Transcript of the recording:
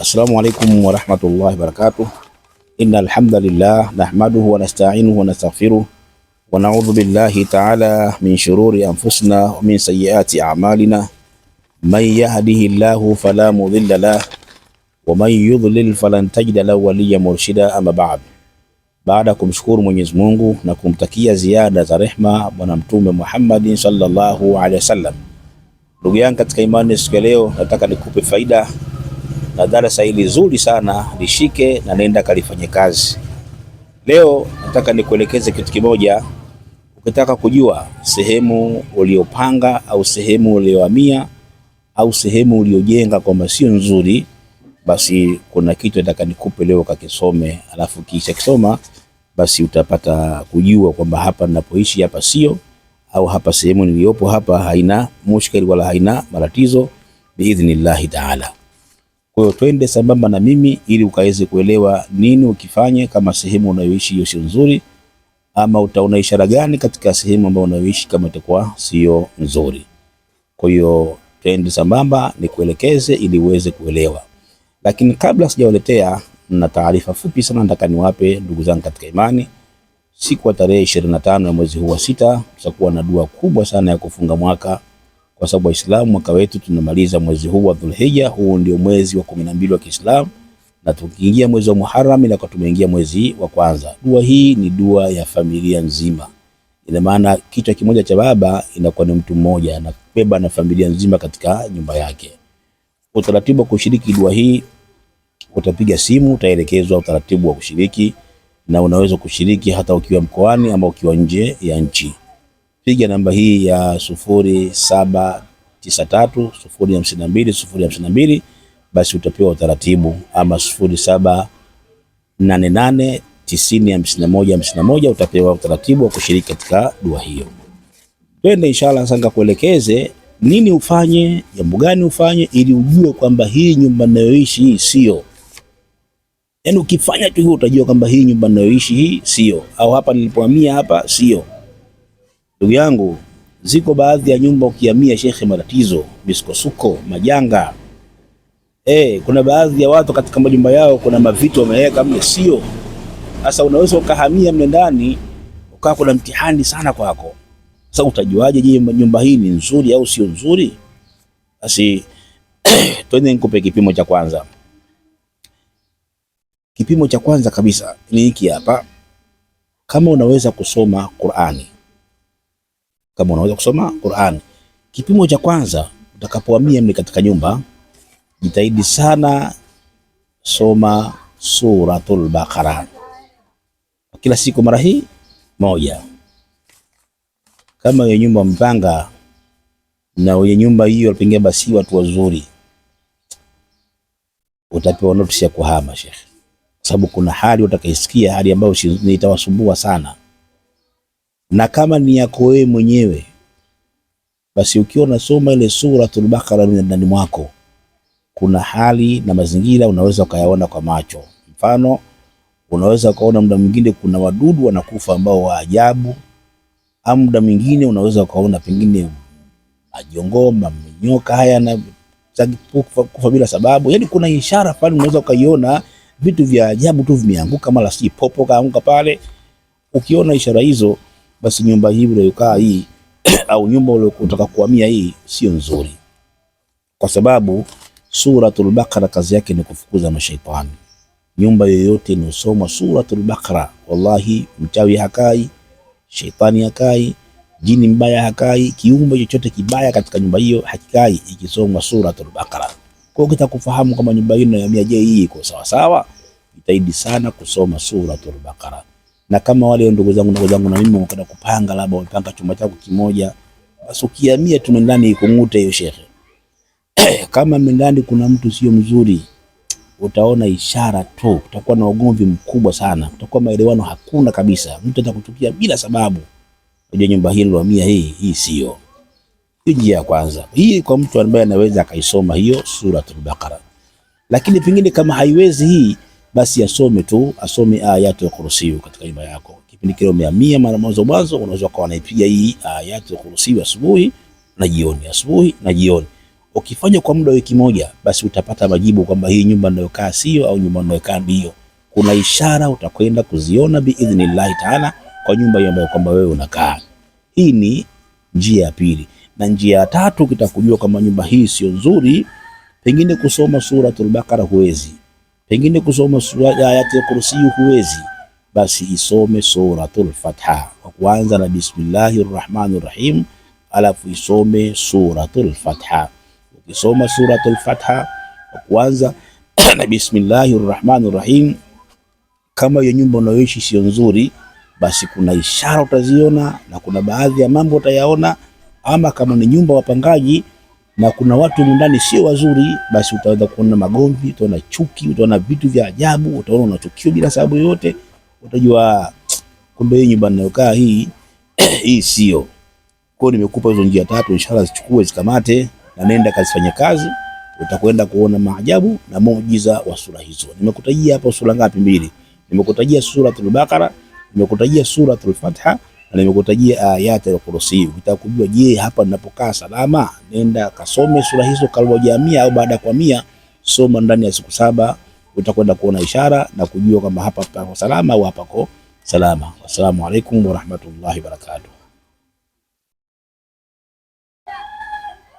Assalamu alaikum warahmatullahi wabarakatuh. Innal hamdalillah nahmaduhu wa nasta'inuhu wa nastaghfiruh wa na'udhu billahi ta'ala min shururi anfusina wa min sayyiati a'malina man yahdihillahu fala mudilla lah wa man yudlil falan tajida lahu waliya murshida. Amma ba'd, baada ya kumshukuru Mwenyezi Mungu na kumtakia ziada za rehma Bwana Mtume Muhammadin sallallahu alaihi wasallam. Ndugu yangu katika imani, siku ya leo nataka nikupe faida na darasa hili zuri sana lishike na nenda kalifanye kazi. Leo nataka nikuelekeze kitu kimoja. Ukitaka kujua sehemu uliopanga au sehemu uliohamia au sehemu uliojenga kwamba sio nzuri, basi kuna kitu nataka nikupe leo kakisome, alafu kisha kisoma basi utapata kujua kwamba hapa ninapoishi hapa sio au hapa sehemu niliyopo hapa haina mushkeli wala haina matatizo biidhnillahi taala. Kwa hiyo twende sambamba na mimi ili ukaweze kuelewa nini ukifanye kama sehemu unayoishi hiyo sio nzuri, ama utaona ishara gani katika sehemu ambayo unayoishi kama itakuwa sio nzuri. Kwa hiyo twende sambamba, nikuelekeze ili uweze kuelewa. Lakini kabla sijawaletea na taarifa fupi sana, nataka niwape ndugu zangu katika imani, siku ya tarehe 25 ya mwezi huu wa sita tutakuwa na dua kubwa sana ya kufunga mwaka kwa sababu Waislamu mwaka wetu tunamaliza mwezi huu wa Dhulhija. Huu ndio mwezi wa kumi na mbili wa Kiislamu, na tukiingia mwezi wa Muharram na tumeingia mwezi wa kwanza. Dua hii ni dua ya familia nzima, ina maana kichwa kimoja cha baba inakuwa ni mtu mmoja, anabeba na familia nzima katika nyumba yake. Utaratibu wa kushiriki dua hii, utapiga simu, utaelekezwa utaratibu wa kushiriki, na unaweza kushiriki hata ukiwa mkoani ama ukiwa nje ya nchi piga namba hii ya sufuri saba tisa tatu sufuri hamsini na mbili sufuri hamsini na mbili basi utapewa utaratibu, ama sufuri saba nane nane tisini hamsini na moja hamsini na moja utapewa utaratibu wa kushiriki katika dua hiyo. Twende inshallah. Sasa kuelekeze nini ufanye, jambo gani ufanye, ili ujue kwamba hii nyumba ninayoishi hii sio yaani, ukifanya tu hiyo utajua kwamba hii nyumba ninayoishi hii sio, au hapa nilipohamia hapa sio. Ndugu yangu, ziko baadhi ya nyumba ukihamia, shekhe, matatizo, misukosuko, majanga. E, kuna baadhi ya watu katika majumba yao kuna mavitu wameweka mle, sio sasa. Unaweza ukahamia mle ndani ukawa kuna mtihani sana kwako. Sasa utajuaje, je, nyumba hii ni nzuri au sio nzuri? Basi twende nikupe kipimo cha kwanza. Kipimo cha kwanza kabisa ni hiki hapa, kama unaweza kusoma Qur'ani kama unaweza kusoma Qur'an. Kipimo cha kwanza, utakapohamia mle katika nyumba, jitahidi sana soma suratul Baqara kila siku mara hii moja. Kama wenye nyumba mpanga na wenye nyumba hiyo walipengine, basi watu wazuri, utapewa notisi ya kuhama shekhe, kwa sababu kuna hali utakaisikia, hali ambayo itawasumbua sana na kama ni yako wewe mwenyewe, basi ukiwa unasoma ile Suratul Bakara ndani mwako, kuna hali na mazingira unaweza ukayaona kwa macho. Mfano, unaweza ukaona muda mwingine kuna wadudu wanakufa ambao wa ajabu, au muda mwingine unaweza ukaona pengine majongoo, mamenyoka haya na kufa bila sababu. Yani kuna ishara pale unaweza ukaiona vitu vya ajabu tu vimeanguka, mara si popo kaanguka pale. Ukiona ishara hizo basi nyumba hii uliyokaa hii au nyumba uliyotaka kuhamia hii sio nzuri, kwa sababu Suratul Baqara kazi yake ni kufukuza mashaitani. Nyumba yoyote inayosoma Suratul Baqara, wallahi mchawi hakai, shaitani hakai, jini mbaya hakai, kiumbe chochote kibaya katika nyumba hiyo hakikai ikisoma Suratul Baqara. Kwa hiyo kitakufahamu kama nyumba hiyo inayohamia, je, hii iko sawa sawa? itaidi sana kusoma Suratul Baqara na kama wale ndugu zangu ndugu zangu na mimi wamekwenda kupanga, labda wamepanga chumba chako kimoja, basi ukihamia tu ndani ikungute hiyo shehe. Kama ndani kuna mtu sio mzuri, utaona ishara tu, utakuwa na ugomvi mkubwa sana, utakuwa maelewano hakuna kabisa, mtu atakuchukia bila sababu. Kwa nyumba hili lilivamia hii hii, sio hii. Njia ya kwanza hii kwa mtu ambaye anaweza akaisoma hiyo Suratul Baqara, lakini pengine kama haiwezi hii basi asome tu, asome ayatu ya Kursi katika nyumba yako, kipindi kile mia mara mwanzo mwanzo, unaweza ukawa unaipiga hii ayatu ya Kursi asubuhi na jioni, asubuhi na jioni. Ukifanya kwa muda wa wiki moja, basi utapata majibu kwamba hii nyumba ninayokaa sio, au nyumba ninayokaa ndio. Kuna ishara utakwenda kuziona biidhnillahi taala kwa nyumba hiyo ambayo kwamba wewe unakaa. Hii ni njia ya pili, na njia ya tatu, kitakujua kama nyumba hii sio nzuri, pengine kusoma Suratul Baqara huwezi pengine kusoma ayati ya kursi huwezi, basi isome suratul Fatha kwa kuanza na bismillahi rahmani rahim, alafu isome suratul Fatha. Ukisoma suratul Fatha kwa kuanza na bismillahi rahmani rahim, kama hiyo nyumba unayoishi sio nzuri, basi kuna ishara utaziona na kuna baadhi ya mambo utayaona, ama kama ni nyumba wapangaji na kuna watu ndani sio wazuri, basi utaweza kuona magomvi, utaona chuki, utaona vitu vya ajabu, utaona unachukiwa bila sababu yoyote, utajua kumbe hii nyumba ninayokaa hii hii sio. Kwa hiyo nimekupa hizo njia tatu, inshallah zichukue, zikamate na nenda kazifanye kazi, utakwenda kuona maajabu na muujiza wa sura hizo. Nimekutajia hapo sura ngapi? Mbili. Nimekutajia suratul Baqara, nimekutajia suratul Fatiha Nimekutajia aya ya Kursi. Ukitaka kujua je, hapa ninapokaa salama, nenda kasome sura hizo kalbo jamia au baada kwa mia, soma ndani ya siku saba, utakwenda kuona ishara na kujua kama hapa pako salama au hapako salama. Wassalamu alaikum warahmatullahi wabarakatuh.